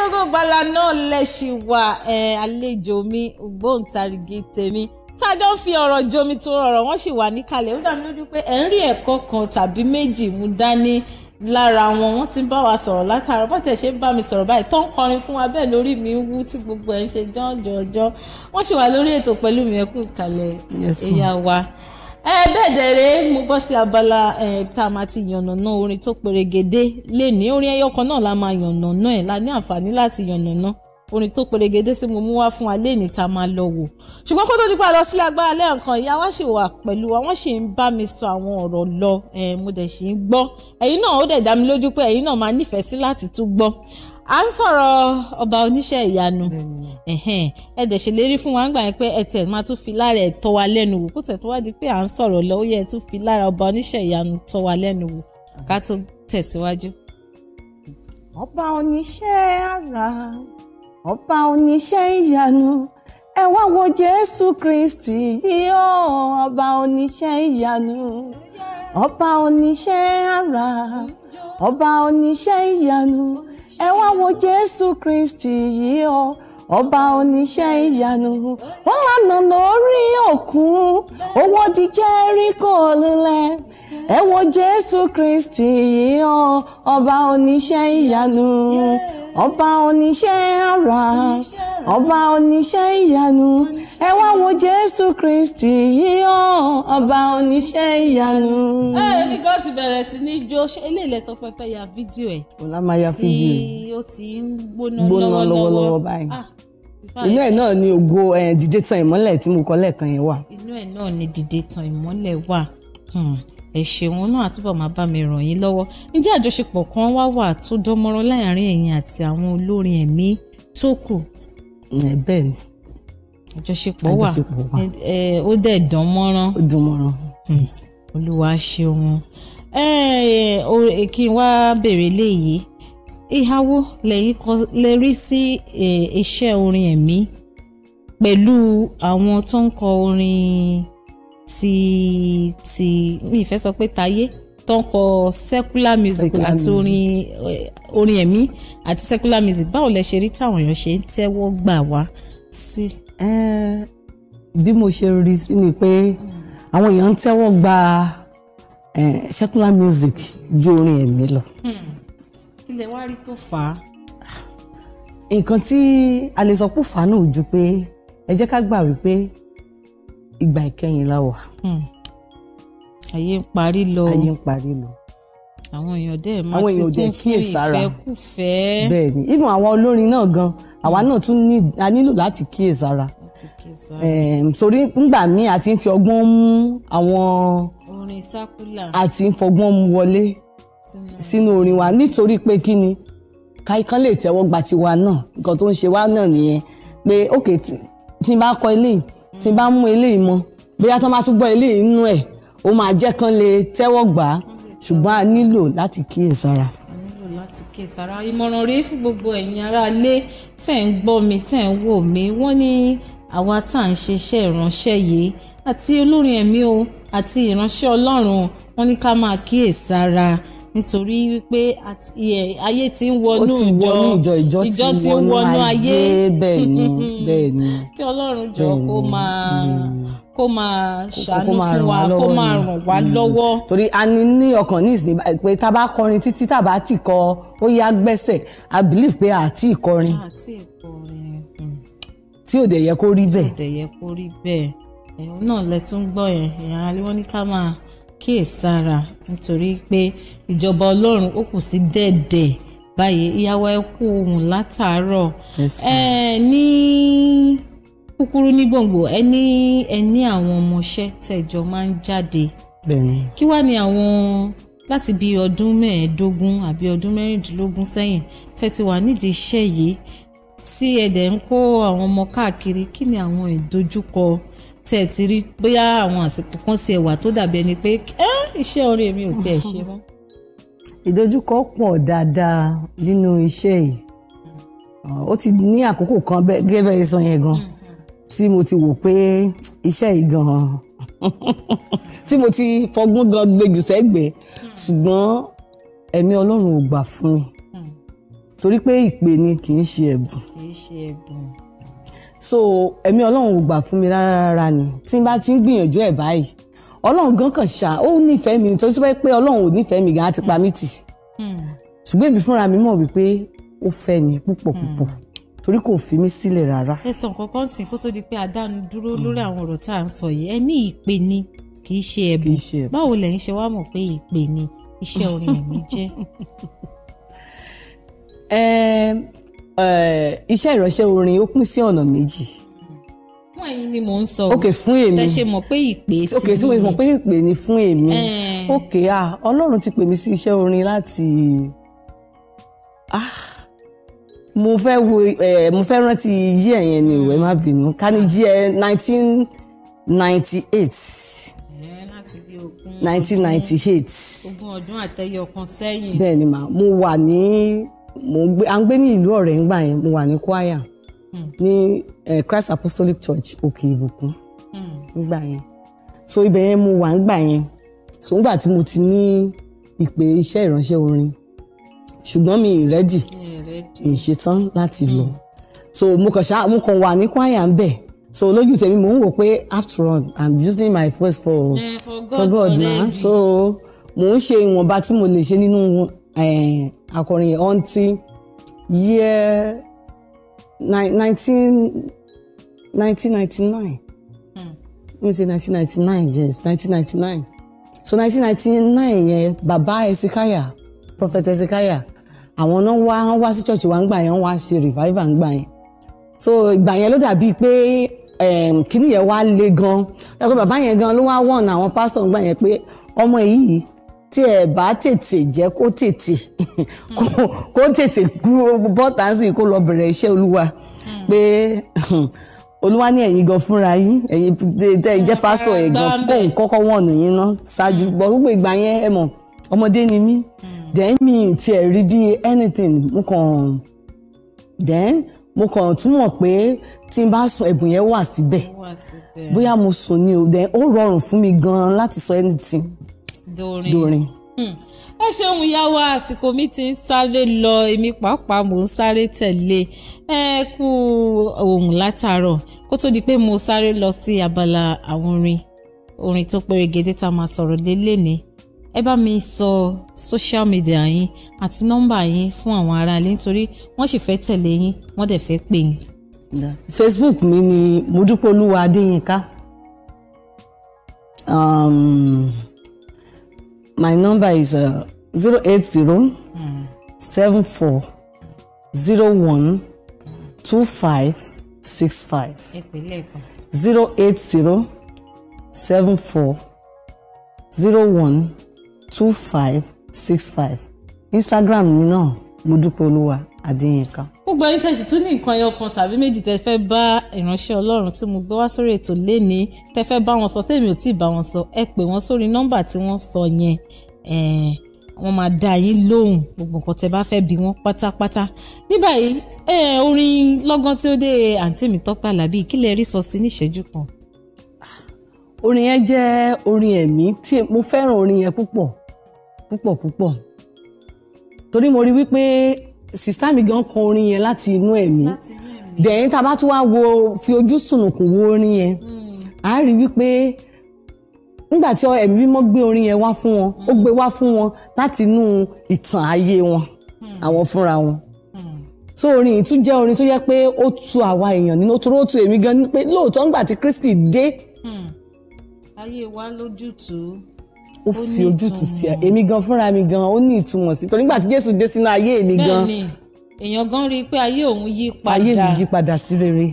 ètò Ògo náà lẹ́sì wà àlejò mi ògbóǹtarìgì tèmi tájọ́ ń fi ọ̀rọ̀ jomi tó rọrọ̀ wọ́n sì wà níkàlẹ̀ ó dàbí lójú pé ẹ̀ ń rí ẹ̀kọ́ kan tàbí méjì mú dání lára wọn wọ́n ti bá wa sọ̀rọ̀ látara bó tẹ̀ ṣe ń bá mi sọ̀rọ̀ báyìí tó ń kọrin fún wa bẹ́ẹ̀ lórí mi wú tí gbogbo ẹ̀ ń ṣe jọ́jọ́jọ́ wọ́n sì wà lórí ètò pẹ̀lú mi ẹ̀kú ìkàlẹ̀ ẹ̀yà wa ẹ bẹ́ẹ̀ dẹ̀rẹ́ mo bọ́ sí abala tá a máa ti yànnàná orin tó perégedé lè ní orin ẹyọ kan náà la máa yànnàná ẹ̀ la ní àǹfààní láti yànnàná orin tó perégedé tí mo mú wá fún wa lé ní ta máa lọ wò ṣùgbọ́n kó tó dípa lọ sílé agbára lẹ́ẹ̀kan ìyá wa ṣì wà pẹ̀lú wa wọ́n ṣì ń bá mi sọ àwọn ọ̀rọ̀ lọ mo dẹ̀ ṣì ń gbọ́ ẹ̀yin náà ó dẹ̀ dá mi lójú pé ẹ̀yin náà máa nífẹ̀ẹ́ sí láti tún gbọ́ à ń sọ̀rọ̀ ọba oníṣẹ́ ìyanu ẹ dẹ̀ ṣèlérí fún wa ńgbà yẹn pé ẹ tiẹ̀ máa tún fi lára ẹ̀ tọ́ wa lẹ́nu wò kó tẹ̀ tó wá di pé à ń sọ̀rọ̀ lọ ó yẹ ẹ tún fi lára ọba oníṣẹ́ ìyanu tọ́ wa lẹ́nu wò ká tó tẹ̀síwájú. ọba oníṣẹ́ ara, ọba oníṣẹ́ ìyanu ẹ wá wo jésù kristi yìí ó ọba oníṣẹ́ ìyanu ọba oníṣẹ́ ara, ọba oníṣẹ́ ìyanu. ẹ wá wo jésù kristi yìí o ọba oníṣẹ́ ìyanu ó lànà lórí òkun ó wọ́di Jẹ́ríkò lulẹ̀ ẹ wo jésù kristi yìí o ọba oníṣẹ́ ìyanu. Yeah ọba oníṣẹ́ àrà ọba oníṣẹ́ ìyanu ẹ wá wo jésù kristi yíyan ọba oníṣẹ́ ìyanu. ẹ ẹbí gan ti bẹ̀rẹ̀ sí ní jó ṣé ilé ilẹ̀ sọ pẹ́pẹ́ ya fídíò ẹ̀. ọ̀la máa ya fídíò ẹ̀ tí ó ti ń gbóná lọ́wọ́lọ́wọ́ báyìí ah, inú ẹ̀ náà ni ògo dìde tan ìmọ́lẹ̀ tí mo kọ́ lẹ́ẹ̀kan yẹn wà. inú ẹ̀ náà ni dìde tan ìmọ́lẹ̀ wà. Hmm ẹ ṣeun náà àtúbọ̀ máa bá mi ràn yín lọ́wọ́ ǹjẹ́ àjọṣepọ̀ kan wá wà tó dánmọ́rán láàrin ẹ̀yin àti àwọn olórin ẹ̀mí tó kù. bẹ́ẹ̀ ni àjọṣepọ̀ wà ó dẹ̀ dánmọ́rán. ó dánmọ́rán. Hmm. olúwa ṣeun kí n wá béèrè léyìí ìhàwó lẹ́yìn kan lè rí sí iṣẹ́ orin ẹ̀mí pẹ̀lú àwọn tó ń kọ orin ti ti mi ìfẹ́ sọ pé tayé tó ń kọ secular music àti orin orin ẹ̀mí àti secular music báwo lẹ ṣe rí táwọn èèyàn ṣe ń tẹ́wọ́ gbà wá sí. Eh, bí mo ṣe rí sí ni pé àwọn èèyàn ń tẹ́wọ́ gba eh, secular music ju orin ẹ̀mí lọ. Hmm. kí wá rí tó fà á. nǹkan tí a lè sọ pé fàánù ju pé ẹ jẹ́ ká gbà wípé ìgbà ìkẹyìn la wà. Hmm. ayé ń parí lọ ayé ń parí lọ. àwọn èèyàn dẹ́ ẹ̀ máa ti kún fún ìfẹ́kúfẹ́. bẹ́ẹ̀ ni even àwọn olórin náà gan àwa náà tún ní a nílò láti kíyèsára sórí ngbà míì a ti ń fi ọgbọ́n mú àwọn orin sákúlà a ti ń fọgbọ́n mú wọlé sínú orin wa nítorí pé kí ni káìkan lè tẹ́wọ́ gba tiwa náà nǹkan tó ń ṣe wa náà nìyẹn pé òkè tí n bá kọ eléyìí tí n bá mú eléyìí mọ bóyá tí wọ́n bá tún gbọ́ eléyìí nínú ẹ̀ ó máa jẹ́ kán lè tẹ́wọ́ gbà á ṣùgbọ́n a nílò láti kíyèsára. a nílò láti kíyèsára ìmọ̀ràn rèé fún gbogbo ẹ̀yin aráalé tẹ̀ ń gbọ́ mi tẹ̀ ń wò mí wọ́n ní àwa tá à ń ṣiṣẹ́ ìránṣẹ́ yìí àti olórin ẹ̀mí o àti ìránṣẹ́ ọlọ́run wọ́n ní ká máa kíyèsára nítorí wípé ayé ti ń wọnú ìjọ ìjọ ìjọ ti ń wọnú ayé bẹ́ẹ̀ ni bẹ́ẹ̀ ni kí ọlọ́run jọ kó máa kó máa ṣàánú fún wa kó máa ràn wá mm. lọ́wọ́. torí a ní ní ọkàn ní ìsìn pé tá a bá kọrin títí tá a bá ti kọ ó yá gbẹ́sẹ̀ i believe pé a ti kọrin mm. tí ò dẹ̀ yẹ kó rí bẹ́ẹ̀. tí ò dẹ̀ yẹ kó rí bẹ́ẹ̀ ẹ̀hún náà lẹ tún gbọ́ yẹn ìyára lé wọ́n ní ká máa kíyèsára nítorí pé ìjọba ọlọ́run ó kù sí dẹ̀dẹ̀ báyìí ìyàwó ẹ kú ohun látàárọ̀ ẹ ní kúkúrú ní gbòǹgbò ẹ ní ẹ ní àwọn ọmọọṣẹ́ tẹ̀jọ máa ń jáde kí wàá ní àwọn láti bíi ọdún mẹ́ẹ̀ẹ́dógún àbí ọdún mẹ́rìndínlógún sẹ́yìn tẹ́tí wà nídìí iṣẹ́ yìí tí ẹ dẹ̀ ń kó àwọn ọmọ káàkiri kí ni àwọn ìdojúkọ tẹ̀ rí bóyá àwọn àsìkò kan tiẹ̀ wà tó dàbí ẹni pé iṣẹ́ orí mi ò tiẹ̀ ṣe mọ́ ìdojúkọ pọ̀ dáadáa nínú iṣẹ́ yìí ó ti ní àkókò kan gẹ́gẹ́ sọ yẹn gan tí mo ti wò pé iṣẹ́ yìí gan tí mo ti fọgbọ́n gan gbèjù sẹ́gbẹ̀ẹ́ ṣùgbọ́n ẹ̀mí Ọlọ́run ò gbà fún mi torí pé ìpè ni kì í ṣe ẹ̀bùn so ẹ̀mí Ọlọ́run ò gbà fún mi rárá rárá ni tí n bá ti ń gbìyànjú ẹ̀ báyìí ọlọ́run gan kàn ṣá ó nífẹ̀ẹ́ mi nítorí tó fẹ́ pé ọlọ́run ò nífẹ̀ẹ́ mi gan á ti pa mí tì hmm. ṣùgbọ́n èmi fúnra mi mọ̀ wípé ó fẹ́ mi púpọ̀ hmm. púpọ̀ torí kò fi mí sílẹ̀ rárá. ẹ sọ nǹkan kan sìn kó tó di pé adánu dúró hmm. lórí àwọn ọ̀rọ̀ tá à ń sọ yìí ẹ ní ìpè ni kì í ṣe ẹ̀bùn báwo lẹ̀ ń ṣe wá mọ̀ pé ìpè ni iṣẹ́ orin ẹ̀mí jẹ́. iṣẹ́ ìránṣẹ́ orin ó pín sí ọ̀nà méjì fún ẹ̀yin ni mò ń sọ ok fún èmi tẹ ṣe mọ̀ pé ìpè sí mi ok tí mo mọ̀ pé ìpè ni fún èmi ok ah Ọlọ́run ti pè mí sí iṣẹ́ orin láti ah mo fẹ́ wo ẹ mo fẹ́ rántí yí ẹ̀yẹn ni ìwé má bínú ká ní yí ẹ nineteen ninety eight nineteen ninety eight ogún ọdún àtẹyọ kan sẹ́yìn bẹ́ẹ̀ ni màá mo wà ní mo gbé à ń gbé ní ìlú ọ̀rẹ́ ńgbà yẹn mo wà ní kwaya hmm. ní. Hmm Eh, Christ Apostolic Church òkè ìbùkún hmm. nígbà yẹn so ibẹ̀ yẹn mo wà nígbà yẹn so nígbà tí mo ti ní ìpè iṣẹ́ ìránṣẹ́ orin ṣùgbọ́n mi ì rẹ́dì mi ì ṣetán láti lọ so mo kàn ṣá mo kàn wà ní kwaya ń bẹ̀ so lójú tèmi mo ń wò pé after all i'm using my voice for yeah, for God, for na so mo ń ṣe ìwọ̀nba tí mo lè ṣe nínú eh, akọrin ọ̀ntì year nineteen 1999. ninety nine wọ́n ṣe yes nineteen so nineteen ninety nine yẹn bàbá Ezekiah prophet Ezekiah àwọn náà wá wọ́n wá sí church wa ń gbà yẹn wọ́n wá ṣe revival ń gbà yẹn so ìgbà yẹn ló dàbí pé ehm, kíní yẹn wá le gan ẹgbẹ́ bàbá yẹn gan ló wá wọ̀n àwọn pásítọ̀ ń gbà yẹn pé ọmọ yìí tí ẹ bá tètè jẹ́ kó tètè kó tètè bọ́tà sí kó lọ bẹ̀rẹ̀ iṣẹ́ olúwa hmm. pé hmm, olúwa ní ẹ̀yin gan fúnra yín ẹ̀yin tẹ́ jẹ́ pásítọ̀ ẹ̀ gan kó kọ́kọ́ wọ̀n nìyín ná ṣáájú gbọ́ gbogbo ìgbà yẹn ẹ mọ̀ ọmọdé ni mí hmm. then mi tiẹ̀ rí bí anything mo kàn then mo kàn túmọ̀ pé tí n bá sùn ẹ̀bùn yẹn wà síbẹ̀ bóyá mo sùn ni o then ó rọrùn fún mi gan láti sọ anything dorin. dorin Hmm. ẹ ṣeun ìyá wa àsìkò mi ti ń sáré lọ èmi pàápàá mò ń sáré tẹ̀lé ẹ kú ohun látàárọ̀ kó tó di pé mo sáré lọ sí abala àwọn orin orin tó pérégedé tá a máa sọ̀rọ̀ lé ẹ bá mi sọ social media yín àti nọ́mbà yín fún àwọn aráalé nítorí wọ́n sì fẹ́ tẹ̀lé yín wọ́n dẹ̀ fẹ́ pè yín. Facebook mi ni Modúpolúwa Adéyínká. Um, My number is uh, zero eight zero seven four zero one two five six five zero eight zero seven four zero one two five six five Instagram mi náà Modúpẹ́olúwa Adéyínká. gbogbo ẹni tẹ́ sì tún ní nǹkan ẹyọ kan tàbí méjì tẹ́ fẹ́ bá ìránṣẹ́ Ọlọ́run tí mo gbé wá sórí ètò léni tẹ́ fẹ́ bá wọn sọ tèmi ò tí ì bá wọn sọ ẹ pè wọ́n sórí nọ́mbà tí wọ́n sọ yẹn wọ́n máa dá yín lóhùn gbogbo nǹkan tẹ́ bá fẹ́ bí wọ́n pátápátá ní báyìí orin lọ́gán tí ó dé àǹtí mi Tọ́pẹ́ Àlàbí kí lẹ rí sọ sí níṣẹ́jú kan. orin yẹn jẹ́ orin ẹ̀mí tí mo fẹ́ràn orin yẹn púpọ̀ púpọ̀ púpọ̀ torí mo rí wípé sista mi gan kọ orin yẹn láti inú ẹ̀mí dẹ̀yìn tá a bá tún wá wo fi ojú sùnùkùn wo orin yẹn hmm. a rí wípé nígbà tí ẹ̀mí mímọ́ gbé orin yẹn wá fún wọn ó gbé wá fún wọn láti inú ìtàn ayé wọn hmm. àwọn fúnra wọn hmm. so orin yìí tún jẹ́ orin tó yẹ pé ó tu àwa èèyàn nínú tó tó èmi gan ni pé lóòótọ́ ńgbà tí Kristi dé. ayé wa lójútùú ó fi ojútùú sí ẹ èmi gan fúnra mi gan ó ní ìtumọ̀ sí torí nígbà tí Jésù dé sínú ayé mi gan. bẹ́ẹ̀ni èèyàn gan rí i pé ayé òun yí padà ayé mi yí padà sí rere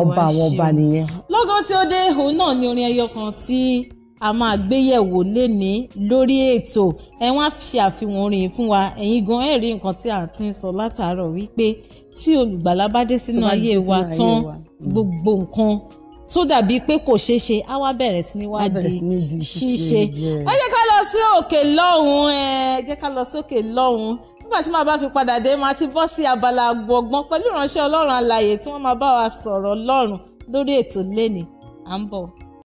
ọba àwọn ọba nìyẹn. lọ́gán tí ó dé òun náà ni orin ẹyọ kan tí a máa gbéyẹ̀wò lénìí lórí ètò ẹ wá ṣe àfihàn orin fún wa ẹ̀yin gan ẹ̀ rí nǹkan tí a ti ń sọ látàárọ̀ wípé tí olùgbàlà bá dé sínú ayé wa tán gbogbo nǹkan tó dàbí pé kò ṣeé ṣe á wá bẹ̀rẹ̀ sí ní wá di ṣíṣe ẹ jẹ́ ká lọ sí òkè lọ́hùn ẹ jẹ́ ká lọ sí òkè lọ́hùn nígbà tí màá bá fi padà dé màá ti bọ́ sí abala gbọ̀ngbọ́n pẹ̀lú ìránṣẹ́ ọlọ́run alààyè tí wọ́n máa bá wa sọ̀rọ̀ ọlọ́run lórí ètò lẹ́ni à ń bọ̀.